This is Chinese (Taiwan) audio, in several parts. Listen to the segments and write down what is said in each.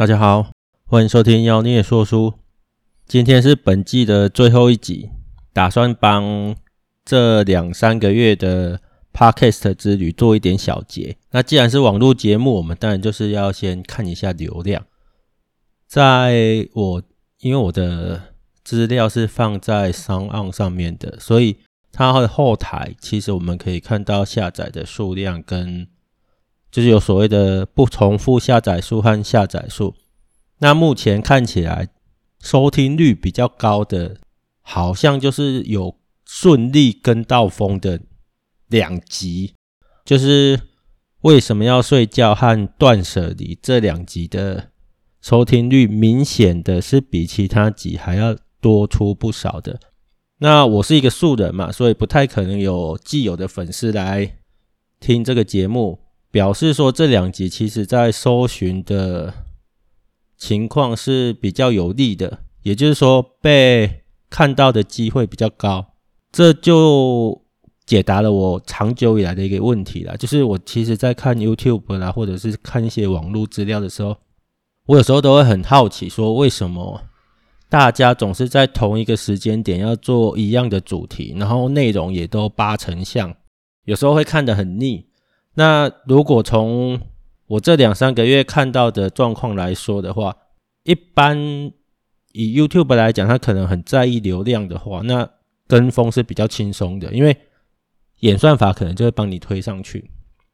大家好，歡迎收聽妖孽說書。今天是本季的最後一集，打算幫這兩三個月的 podcast 之旅做一點小結。那既然是網路節目，我們當然就是要先看一下流量。在我，因為我的資料是放在 SoundOn 上面的，所以它的後台其實我們可以看到下載的數量跟。就是有所謂的不重複下載數和下載數。那目前看起來，收聽率比較高的，好像就是有順利跟到風的兩集，就是為什麼要睡覺和斷舍離這兩集的收聽率，明顯的是比其他集還要多出不少的。那我是一個素人嘛，所以不太可能有既有的粉絲來聽這個節目。表示說這兩集其實在搜尋的情況是比較有利的，也就是說被看到的機會比較高。這就解答了我長久以來的一個問題了，就是我其實在看 YouTube 啦，或者是看一些網絡資料的時候，我有時候都會很好奇，說為什麼大家總是在同一個時間點要做一樣的主題，然後內容也都八成像，有時候會看得很膩。那如果從我這兩三個月看到的狀況來說的話，一般以 YouTube 來講，它可能很在意流量的話，那跟風是比較輕鬆的，因為演算法可能就會幫你推上去。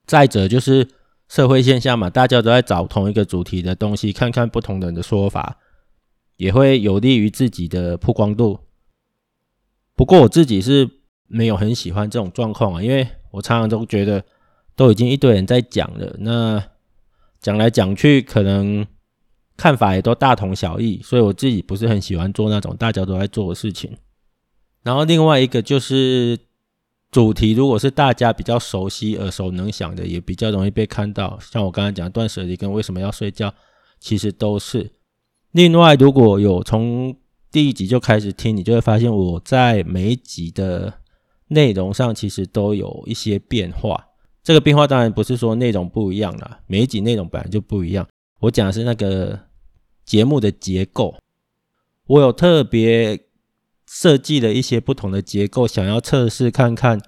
再者就是社會現象嘛，大家都在找同一個主題的東西，看看不同人的說法，也會有利於自己的曝光度。不過我自己是沒有很喜歡這種狀況啊，因為我常常都覺得。都已經一堆人在講了，那講來講去，可能看法也都大同小異，所以我自己不是很喜歡做那種大家都在做的事情。然後另外一個就是主題，如果是大家比較熟悉、耳熟能詳的，也比較容易被看到。像我剛才講斷捨離跟為什麼要睡覺，其實都是。另外，如果有從第一集就開始聽，你就會發現我在每一集的內容上其實都有一些變化。這個變化當然不是說內容不一樣啦，每一集內容本來就不一樣。我講的是那個節目的結構，我有特別設計了一些不同的結構，想要測試看看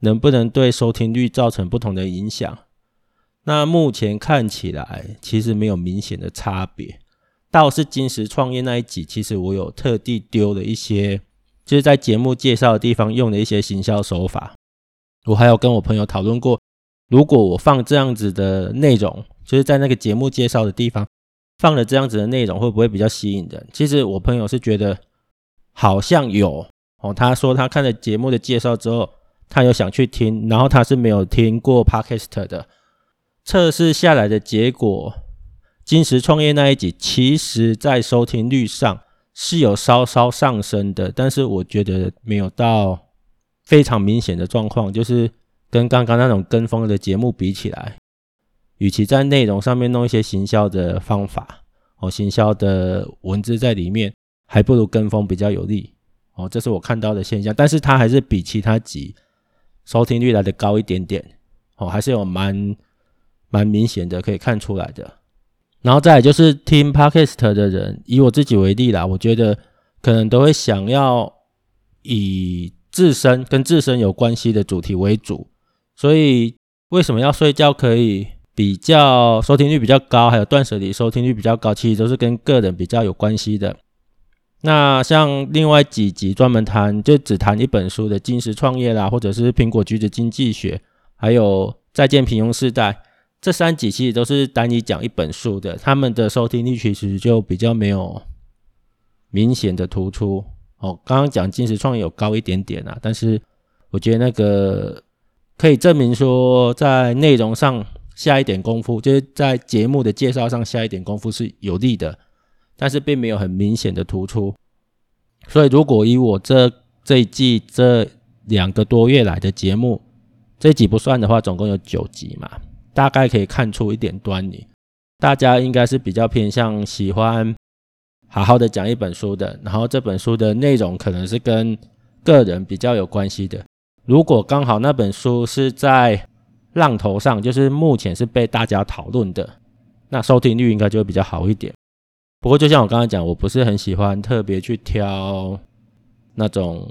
能不能對收聽率造成不同的影響。那目前看起來其實沒有明顯的差別。倒是精實創業那一集，其實我有特地丟了一些，就是在節目介紹的地方用的一些行銷手法。我還有跟我朋友討論過。如果我放這樣子的內容，就是在那個節目介紹的地方放了這樣子的內容，會不會比較吸引人？其實我朋友是覺得好像有哦，他說他看了節目的介紹之後，他有想去聽，然後他是沒有聽過 podcast 的。測試下來的結果，金石創業那一集，其實在收聽率上是有稍稍上升的，但是我覺得沒有到非常明顯的狀況，就是。跟剛剛那種跟風的節目比起來，與其在內容上面弄一些行銷的方法，哦，行銷的文字在裡面，還不如跟風比較有利，哦，這是我看到的現象。但是它還是比其他集收聽率來的高一點點，哦，還是有蠻蠻明顯的可以看出來的。然後再來就是聽 podcast 的人，以我自己為例啦，我覺得可能都會想要以自身跟自身有關係的主題為主。所以為什麼要睡覺？可以比較收聽率比較高，還有斷捨離收聽率比較高，其實都是跟個人比較有關係的。那像另外幾集專門談，就只談一本書的《金石創業》啦，或者是《蘋果橘子經濟學》，還有《再見平庸世代》這三集，其實都是單一講一本書的，他們的收聽率其實就比較沒有明顯的突出。哦，剛剛講《金石創業》有高一點點啦，啊，但是我覺得那個。可以證明說，在內容上下一點功夫，就是在節目的介紹上下一點功夫是有利的，但是並沒有很明顯的突出。所以，如果以我這這一季這兩個多月來的節目，這一集不算的話，總共有九集嘛，大概可以看出一點端倪。大家應該是比較偏向喜歡好好的講一本書的，然後這本書的內容可能是跟個人比較有關係的。如果剛好那本書是在浪頭上，就是目前是被大家討論的，那收聽率應該就會比較好一點。不過就像我剛剛講，我不是很喜歡特別去挑那種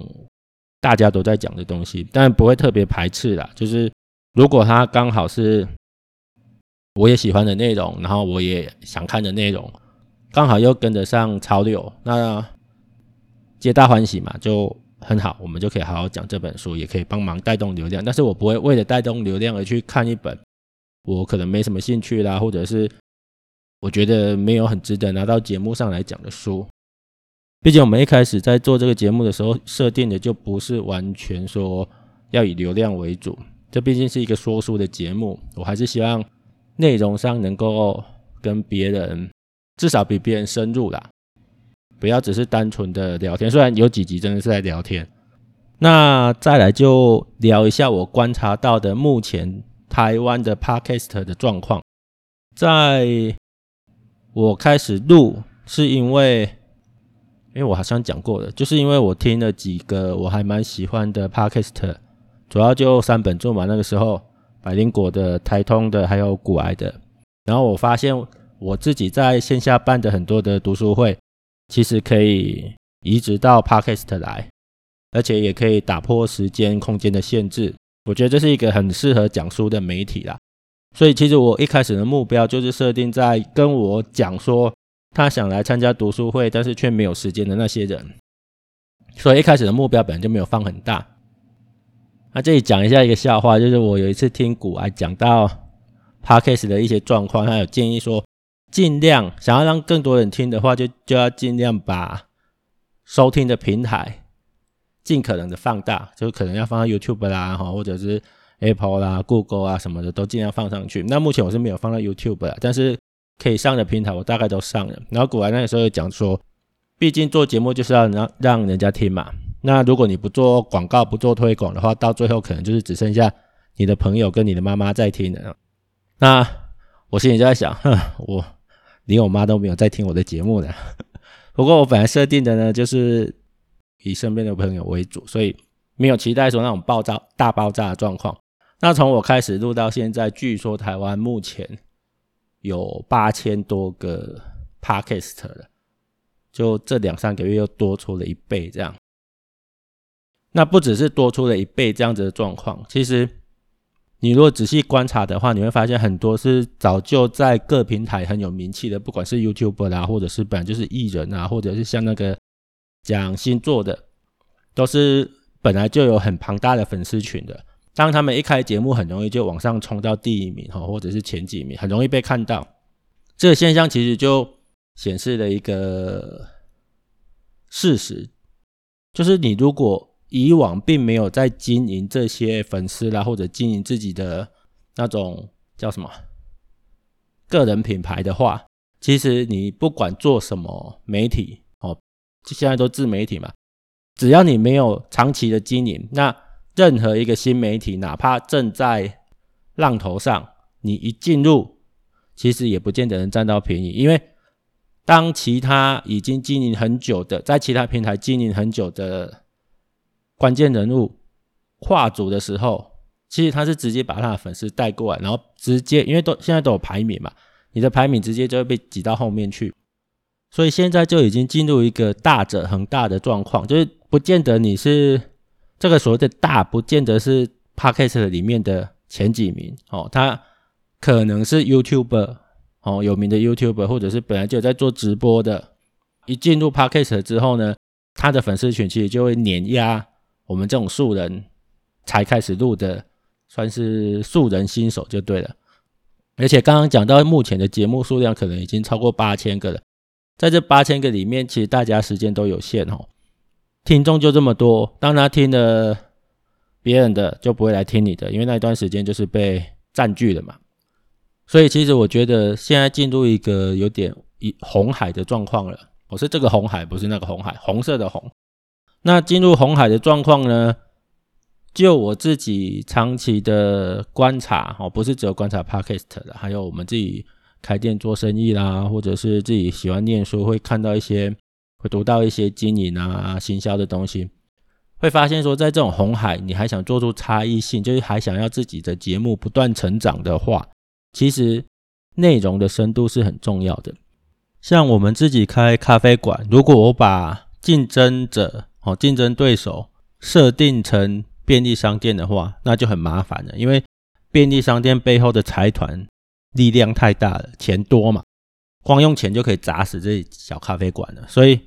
大家都在講的東西，但不會特別排斥啦。就是如果它剛好是我也喜歡的內容，然後我也想看的內容，剛好又跟得上潮流，那皆大歡喜嘛，就。很好，我們就可以好好講這本書，也可以幫忙帶動流量。但是我不會為了帶動流量而去看一本我可能沒什麼興趣啦，或者是我覺得沒有很值得拿到節目上來講的書。畢竟我們一開始在做這個節目的時候設定的就不是完全說要以流量為主，這畢竟是一個說書的節目，我還是希望內容上能夠跟別人至少比別人深入啦。不要只是單純的聊天，雖然有幾集真的是在聊天。那再來就聊一下我觀察到的目前台灣的 podcast 的狀況。在我開始錄，是因為，因為我好像講過了，就是因為我聽了幾個我還蠻喜歡的 podcast，主要就三本柱嘛。那個時候，百靈果的、台通的，還有股癌的。然後我發現我自己在線下辦的很多的讀書會。其實可以移植到 podcast 來，而且也可以打破時間空間的限制。我覺得這是一個很適合講書的媒體啦。所以其實我一開始的目標就是設定在跟我講說他想來參加讀書會，但是卻沒有時間的那些人。所以一開始的目標本來就沒有放很大。那這裡講一下一個笑話，就是我有一次聽股癌講到 podcast 的一些狀況，他有建議說。盡量想要讓更多人聽的話，就就要盡量把收聽的平台盡可能的放大，就可能要放到 YouTube 啦，哈，或者是 Apple 啦、Google 啊什麼的，都盡量放上去。那目前我是沒有放到 YouTube 啦，但是可以上的平台我大概都上了。然後古來那個時候有講說，畢竟做節目就是要讓讓人家聽嘛。那如果你不做廣告、不做推廣的話，到最後可能就是只剩下你的朋友跟你的媽媽在聽了。那我心裡就在想，哼，我。連我媽都沒有在聽我的節目了。 不過我本來設定的呢，就是以身邊的朋友為主，所以沒有期待說那種爆炸、大爆炸的狀況。那從我開始錄到現在，據說台灣目前有八千多個 Podcast 了，就這兩三個月又多出了一倍這樣。那不只是多出了一倍這樣子的狀況，其實。你如果仔細觀察的話，你會發現很多是早就在各平台很有名氣的，不管是 YouTuber 啦、啊，或者是本來就是藝人啊，或者是像那個講星座的，都是本來就有很龐大的粉絲群的。當他們一開節目，很容易就往上衝到第一名哈，或者是前幾名，很容易被看到。這個現象其實就顯示了一個事實，就是你如果。以往並沒有在經營這些粉絲啦，或者經營自己的那種叫什麼個人品牌的話，其實你不管做什麼媒體哦，就現在都自媒體嘛，只要你沒有長期的經營，那任何一個新媒體，哪怕正在浪頭上，你一進入，其實也不見得能佔到便宜，因為當其他已經經營很久的，在其他平台經營很久的。關鍵人物跨足的時候，其實他是直接把他的粉絲帶過來，然後直接因為都現在都有排名嘛，你的排名直接就會被擠到後面去，所以現在就已經進入一個大者恆大的狀況，就是不見得你是這個所謂的大，不見得是 podcast 裡面的前幾名哦，他可能是 YouTuber 哦有名的 YouTuber，或者是本來就有在做直播的，一進入 podcast 之後呢，他的粉絲群其實就會碾壓。我們這種素人，才開始錄的，算是素人新手就對了。而且剛剛講到，目前的節目數量可能已經超過八千個了。在這八千個裡面，其實大家時間都有限哦，聽眾就這麼多，當他聽了別人的，就不會來聽你的，因為那一段時間就是被佔據了嘛。所以其實我覺得，現在進入一個有點一紅海的狀況了。我是這個紅海，不是那個紅海，紅色的紅。那進入紅海的狀況呢，就我自己長期的觀察哦，不是只有觀察 Podcast 的，還有我們自己開店做生意啦，或者是自己喜歡念書，會看到一些，會讀到一些經營啊、行銷的東西，會發現說，在這種紅海，你還想做出差異性，就是還想要自己的節目不斷成長的話，其實內容的深度是很重要的。像我們自己開咖啡館，如果我把競爭者競爭對手設定成便利商店的話，那就很麻煩了，因為便利商店背後的財團力量太大了，錢多嘛，光用錢就可以砸死這小咖啡館了。所以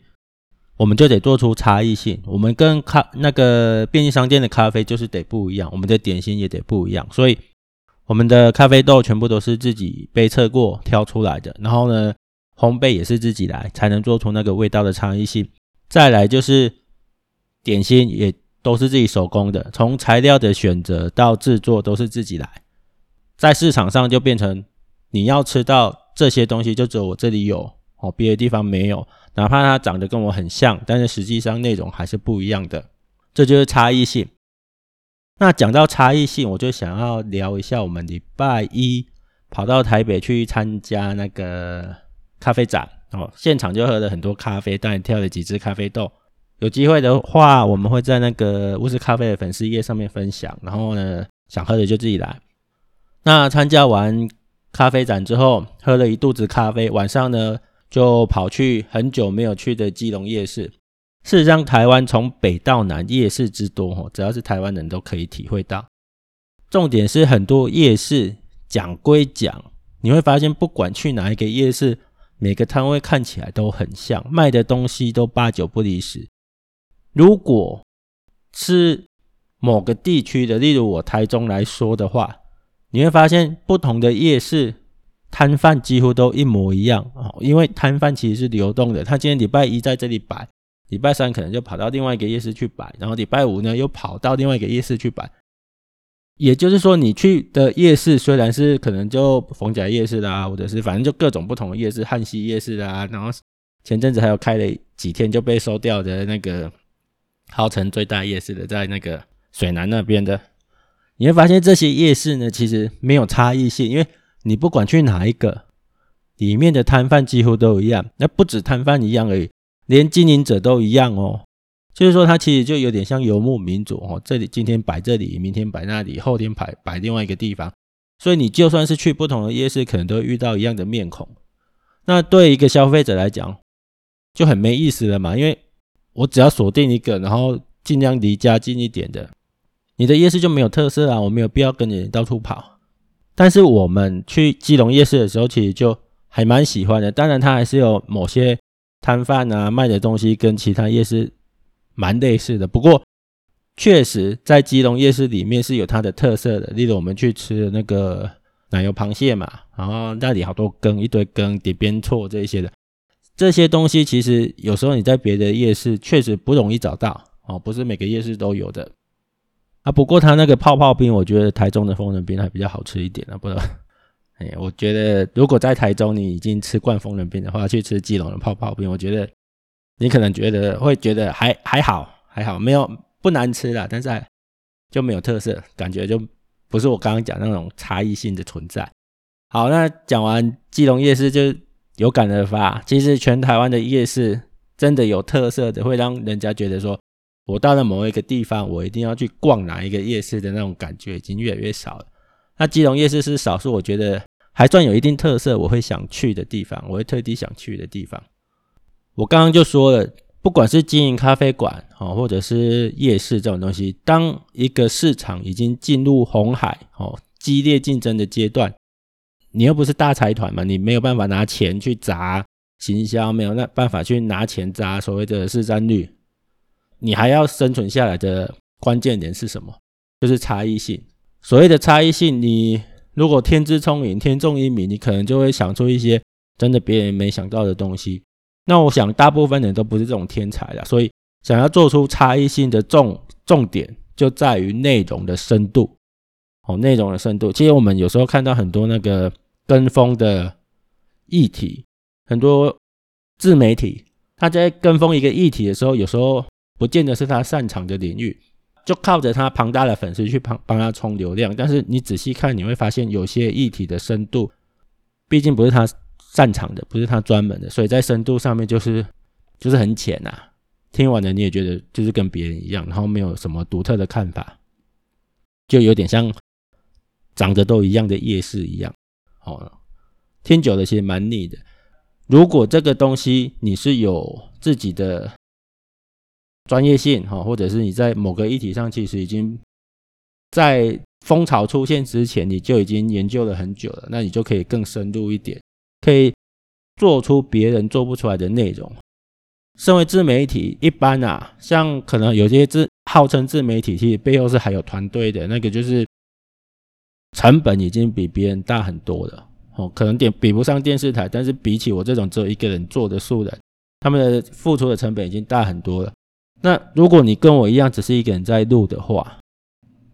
我們就得做出差異性，我們跟咖，那個便利商店的咖啡就是得不一樣，我們的點心也得不一樣。所以我們的咖啡豆全部都是自己杯測過挑出來的，然後呢，烘焙也是自己來，才能做出那個味道的差異性。再來就是。點心也都是自己手工的，從材料的選擇到製作都是自己來，在市場上就變成你要吃到這些東西，就只有我這裡有哦，別的地方沒有。哪怕它長得跟我很像，但是實際上內容還是不一樣的，這就是差異性。那講到差異性，我就想要聊一下，我們禮拜一跑到台北去參加那個咖啡展哦，現場就喝了很多咖啡，當然挑了幾支咖啡豆。有機會的話，我們會在那個烏斯咖啡的粉絲頁上面分享。然後呢，想喝的就自己來。那參加完咖啡展之後，喝了一肚子咖啡，晚上呢就跑去很久沒有去的基隆夜市。事實上，台灣從北到南夜市之多，吼，只要是台灣人都可以體會到。重點是很多夜市講歸講，你會發現不管去哪一個夜市，每個攤位看起來都很像，賣的東西都八九不離十。如果是某個地區的，例如我台中來說的話，你會發現不同的夜市攤販幾乎都一模一樣哦，因為攤販其實是流動的，他今天禮拜一在這裡擺，禮拜三可能就跑到另外一個夜市去擺，然後禮拜五呢又跑到另外一個夜市去擺。也就是說，你去的夜市雖然是可能就逢甲夜市啦，或者是反正就各種不同的夜市，旱溪夜市啦，然後前陣子還有開了幾天就被收掉的那個。號稱最大夜市的，在那個水南那邊的，你會發現這些夜市呢，其實沒有差異性，因為你不管去哪一個，裡面的攤販幾乎都一樣。那不止攤販一樣而已，連經營者都一樣哦。就是說，它其實就有點像游牧民族哦，這裡今天擺這裡，明天擺那裡，後天擺擺另外一個地方。所以你就算是去不同的夜市，可能都會遇到一樣的面孔。那對一個消費者來講，就很沒意思了嘛，因為。我只要鎖定一個，然後盡量離家近一點的。你的夜市就沒有特色啊，我沒有必要跟你到處跑。但是我們去基隆夜市的時候，其實就還蠻喜歡的。當然，它還是有某些攤販啊賣的東西跟其他夜市蠻類似的。不過，確實在基隆夜市裡面是有它的特色的，例如我們去吃的那個奶油螃蟹嘛，然後那裡好多羹，一堆羹，鼎邊趖這些的。這些東西其實有時候你在別的夜市確實不容易找到哦，不是每個夜市都有的啊。不過它那個泡泡冰，我覺得台中的豐仁冰還比較好吃一點啊。不能，哎、嗯，我覺得如果在台中你已經吃慣豐仁冰的話，去吃基隆的泡泡冰，我覺得你可能覺得會覺得還還好，還好沒有不難吃啦。但是還就沒有特色，感覺就不是我剛剛講那種差異性的存在。好，那講完基隆夜市就。有感而發，其實全台灣的夜市真的有特色的，會讓人家覺得說，我到了某一個地方，我一定要去逛哪一個夜市的那種感覺，已經越來越少了。那基隆夜市是少數，我覺得還算有一定特色，我會想去的地方，我會特地想去的地方。我剛剛就說了，不管是經營咖啡館哦，或者是夜市這種東西，當一個市場已經進入紅海哦，激烈競爭的階段。你又不是大財團嘛，你沒有辦法拿錢去砸行銷，沒有那辦法去拿錢砸所謂的市占率，你還要生存下來的關鍵點是什麼？就是差異性。所謂的差異性，你如果天資聰明、天縱英明，你可能就會想出一些真的別人沒想到的東西。那我想大部分人都不是這種天才了，所以想要做出差異性的重重點就在於內容的深度。哦，內容的深度，其實我們有時候看到很多那個。跟風的議題，很多自媒體他在跟風一個議題的時候，有時候不見得是他擅長的領域，就靠着他龐大的粉絲去幫幫他衝流量。但是你仔細看，你會發現有些議題的深度，畢竟不是他擅長的，不是他專門的，所以在深度上面就是就是很淺吶、啊。聽完了你也覺得就是跟別人一樣，然後沒有什麼獨特的看法，就有點像長得都一樣的夜市一樣。哦，聽久了其實蠻膩的。如果這個東西你是有自己的專業性哈，或者是你在某個議題上，其實已經在風潮出現之前，你就已經研究了很久了，那你就可以更深入一點，可以做出別人做不出來的內容。身為自媒體，一般啊，像可能有些自號稱自媒體，其實背後是還有團隊的那個，就是。成本已經比別人大很多了，哦，可能點比不上電視台，但是比起我這種只有一個人做的素人，他們的付出的成本已經大很多了。那如果你跟我一樣，只是一個人在錄的話，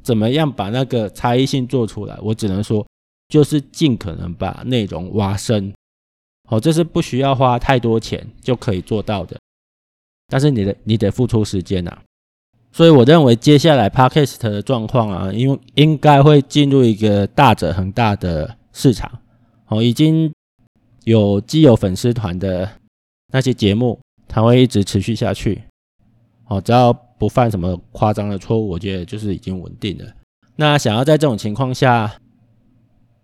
怎麼樣把那個差異性做出來？我只能說，就是盡可能把內容挖深，哦，這是不需要花太多錢就可以做到的。但是你的你得付出時間啊。所以我認為接下來 podcast 的狀況啊，因，應該會進入一個大者恆大的市場。哦，已經有既有粉絲團的那些節目，它會一直持續下去。哦，只要不犯什麼誇張的錯誤，我覺得就是已經穩定了。那想要在這種情況下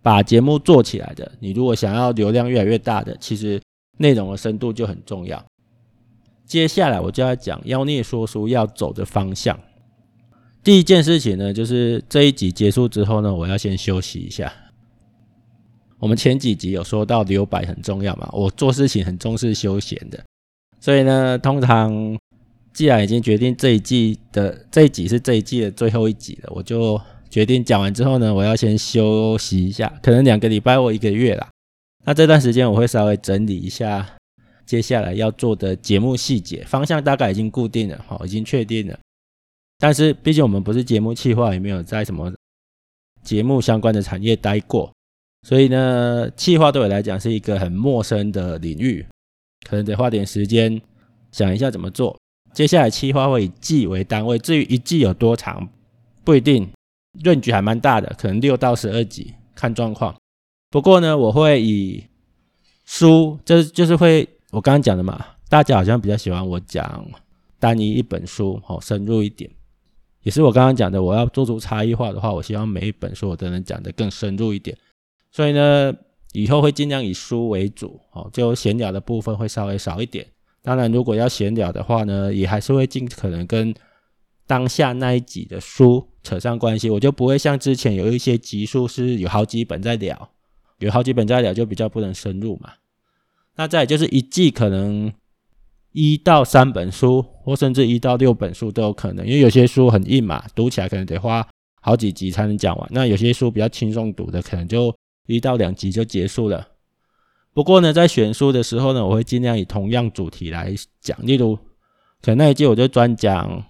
把節目做起來的，你如果想要流量越來越大的，其實內容的深度就很重要。接下來我就要講妖孽說書要走的方向。第一件事情呢，就是這一集結束之後呢，我要先休息一下。我們前幾集有說到留白很重要嘛，我做事情很重視休閒的，所以呢，通常既然已經決定這一季的這一集是這一季的最後一集了，我就決定講完之後呢，我要先休息一下，可能兩個禮拜或一個月啦。那這段時間我會稍微整理一下。接下來要做的節目細節方向大概已經固定了，好，已經確定了。但是畢竟我們不是節目企劃，也沒有在什麼節目相關的產業待過，所以呢，企劃對我來講是一個很陌生的領域，可能得花點時間想一下怎麼做。接下來企劃會以季為單位，至於一季有多長，不一定，range 還蠻大的，可能六到十二集看狀況。不過呢，我會以書，這、就是、就是會。我剛剛講的嘛，大家好像比較喜歡我講單一一本書，哦，深入一點。也是我剛剛講的，我要做出差異化的話，我希望每一本書我都能講得更深入一點。所以呢，以後會儘量以書為主，哦，就閒聊的部分會稍微少一點。當然，如果要閒聊的話呢，也還是會儘可能跟當下那一集的書扯上關係。我就不會像之前有一些集數是有好幾本在聊，有好幾本在聊就比較不能深入嘛。那再來就是一季可能一到三本書，或甚至一到六本書都有可能，因為有些書很硬嘛，讀起來可能得花好幾集才能講完。那有些書比較輕鬆讀的，可能就一到兩集就結束了。不過呢，在選書的時候呢，我會盡量以同樣主題來講。例如，可能那一季我就專講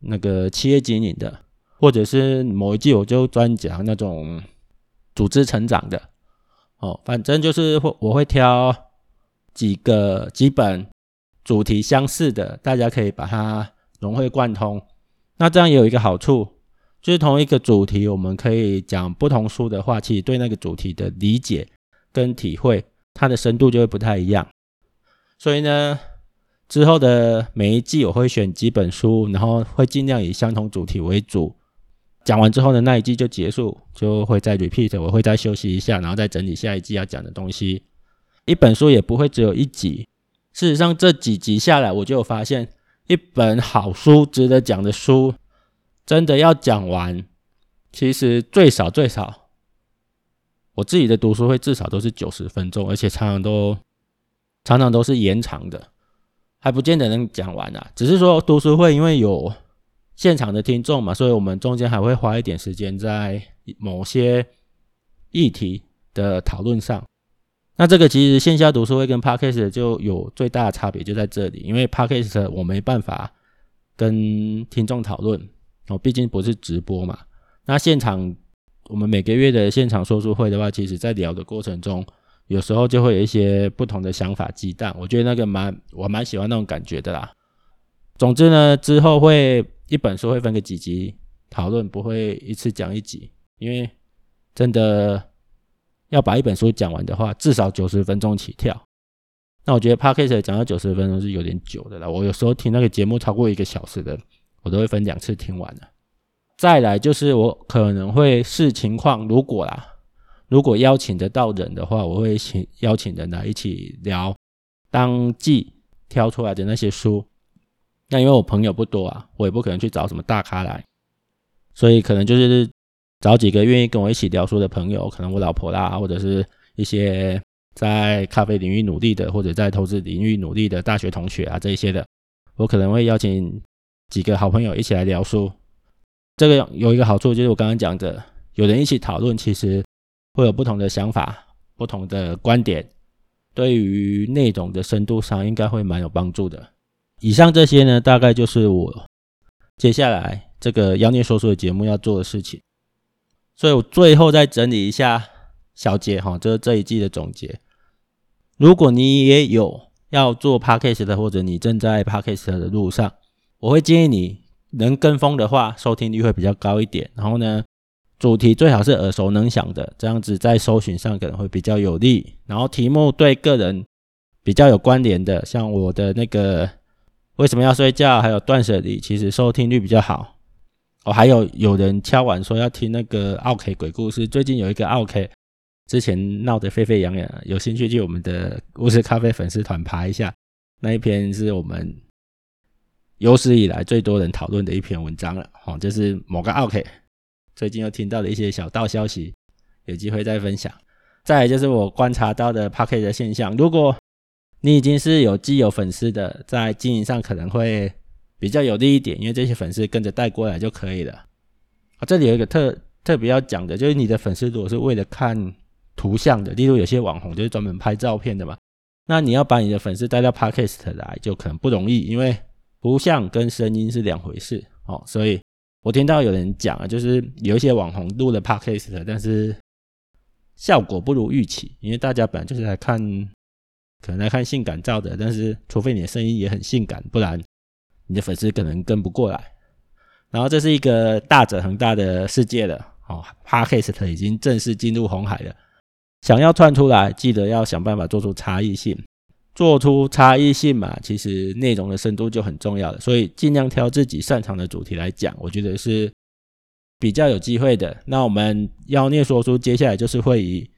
那個企業經營的，或者是某一季我就專講那種組織成長的。哦，反正就是會我會挑幾個幾本主題相似的，大家可以把它融會貫通。那這樣也有一個好處，就是同一個主題，我們可以講不同書的話，其實對那個主題的理解跟體會，它的深度就會不太一樣。所以呢，之後的每一季我會選幾本書，然後會盡量以相同主題為主。講完之後呢，那一季就結束，就會再 repeat，我會再休息一下，然後再整理下一季要講的東西。一本書也不會只有一集，事實上這幾集下來，我就有發現，一本好書、值得講的書，真的要講完，其實最少最少，我自己的讀書會至少都是九十分鐘，而且常常都常常都是延長的，還不見得能講完啊，只是說讀書會因為有。現場的聽眾嘛，所以我們中間還會花一點時間在某些議題的討論上。那這個其實線下讀書會跟 podcast 就有最大的差別就在這裡，因為 podcast 我沒辦法跟聽眾討論，我、哦、畢竟不是直播嘛。那現場我們每個月的現場說書會的話，其實在聊的過程中，有時候就會有一些不同的想法激盪，我覺得那個蠻我蠻喜歡那種感覺的啦。總之呢，之後會。一本書會分個幾集討論，不會一次講一集，因為真的要把一本書講完的話，至少九十分鐘起跳。那我覺得 podcast 講到九十分鐘是有點久的了。我有時候聽那個節目超過一個小時的，我都會分兩次聽完的。再來就是我可能會視情況，如果啦，如果邀請得到人的話，我會請邀請人來一起聊當季挑出來的那些書。那因為我朋友不多啊，我也不可能去找什麼大咖來，所以可能就是找幾個願意跟我一起聊書的朋友，可能我老婆啦，或者是一些在咖啡領域努力的，或者在投資領域努力的大學同學啊這一些的，我可能會邀請幾個好朋友一起來聊書。這個有一個好處就是我剛剛講的，有人一起討論，其實會有不同的想法、不同的觀點，對於內容的深度上應該會蠻有幫助的。以上這些呢，大概就是我接下來這個妖孽說書的節目要做的事情。所以我最後再整理一下小結哈，就是這一季的總結。如果你也有要做 podcast 的，或者你正在 podcast 的路上，我會建議你能跟風的話，收聽率會比較高一點。然後呢，主題最好是耳熟能詳的，這樣子在搜尋上可能會比較有利。然後題目對個人比較有關聯的，像我的那個。為什麼要睡覺？還有斷捨離，其實收聽率比較好。哦，還有有人敲完說要聽那個奧 K 鬼故事，最近有一個奧 K，之前鬧得沸沸揚揚，有興趣去我們的故事咖啡粉絲團爬一下。那一篇是我們有史以來最多人討論的一篇文章了。哦，就是某個奧 K 最近又聽到了一些小道消息，有機會再分享。再來就是我觀察到的 p o c k e t 現象，如果。你已經是有既有粉絲的，在經營上可能會比較有利一點，因為這些粉絲跟着帶過來就可以了。啊，這裡有一個特特別要講的，就是你的粉絲如果是為了看圖像的，例如有些網紅就是專門拍照片的嘛，那你要把你的粉絲帶到 podcast 來就可能不容易，因為圖像跟聲音是兩回事。哦，所以我聽到有人講啊，就是有一些網紅錄了 podcast，但是效果不如預期，因為大家本來就是來看。可能來看性感照的，但是除非你的聲音也很性感，不然你的粉絲可能跟不過來。然後這是一個大者恆大的世界了，哦，Podcast 已經正式進入紅海了，想要竄出來，記得要想辦法做出差異性。做出差異性嘛，其實內容的深度就很重要了，所以盡量挑自己擅長的主題來講，我覺得是比較有機會的。那我們妖孽說書接下來就是會以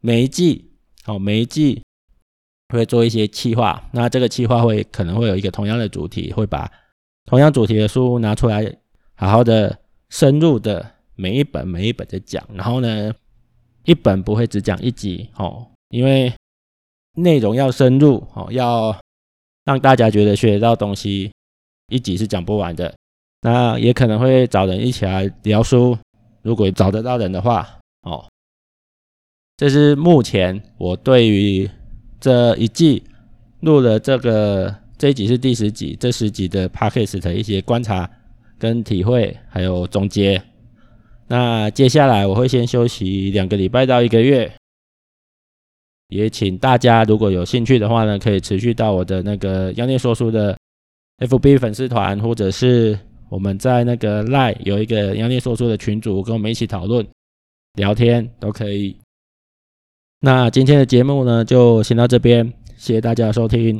每一季，好、哦、每一季，會做一些企劃，那這個企劃會可能會有一個同樣的主題，會把同樣主題的書拿出來，好好的深入的每一本每一本的講，然後呢，一本不會只講一集哦，因為內容要深入哦，要讓大家覺得學得到東西，一集是講不完的。那也可能會找人一起來聊書，如果找得到人的話哦，這是目前我對於。這一季錄了這個這一集是第十集，這十集的 podcast 的一些觀察跟體會，還有總結。那接下來我會先休息兩個禮拜到一個月，也請大家如果有興趣的話呢，可以持續到我的那個妖孽說書的 FB 粉絲團，或者是我們在那個 Line 有一個妖孽說書的群組，跟我們一起討論聊天都可以。那今天的節目呢，就先到這邊，謝謝大家收聽。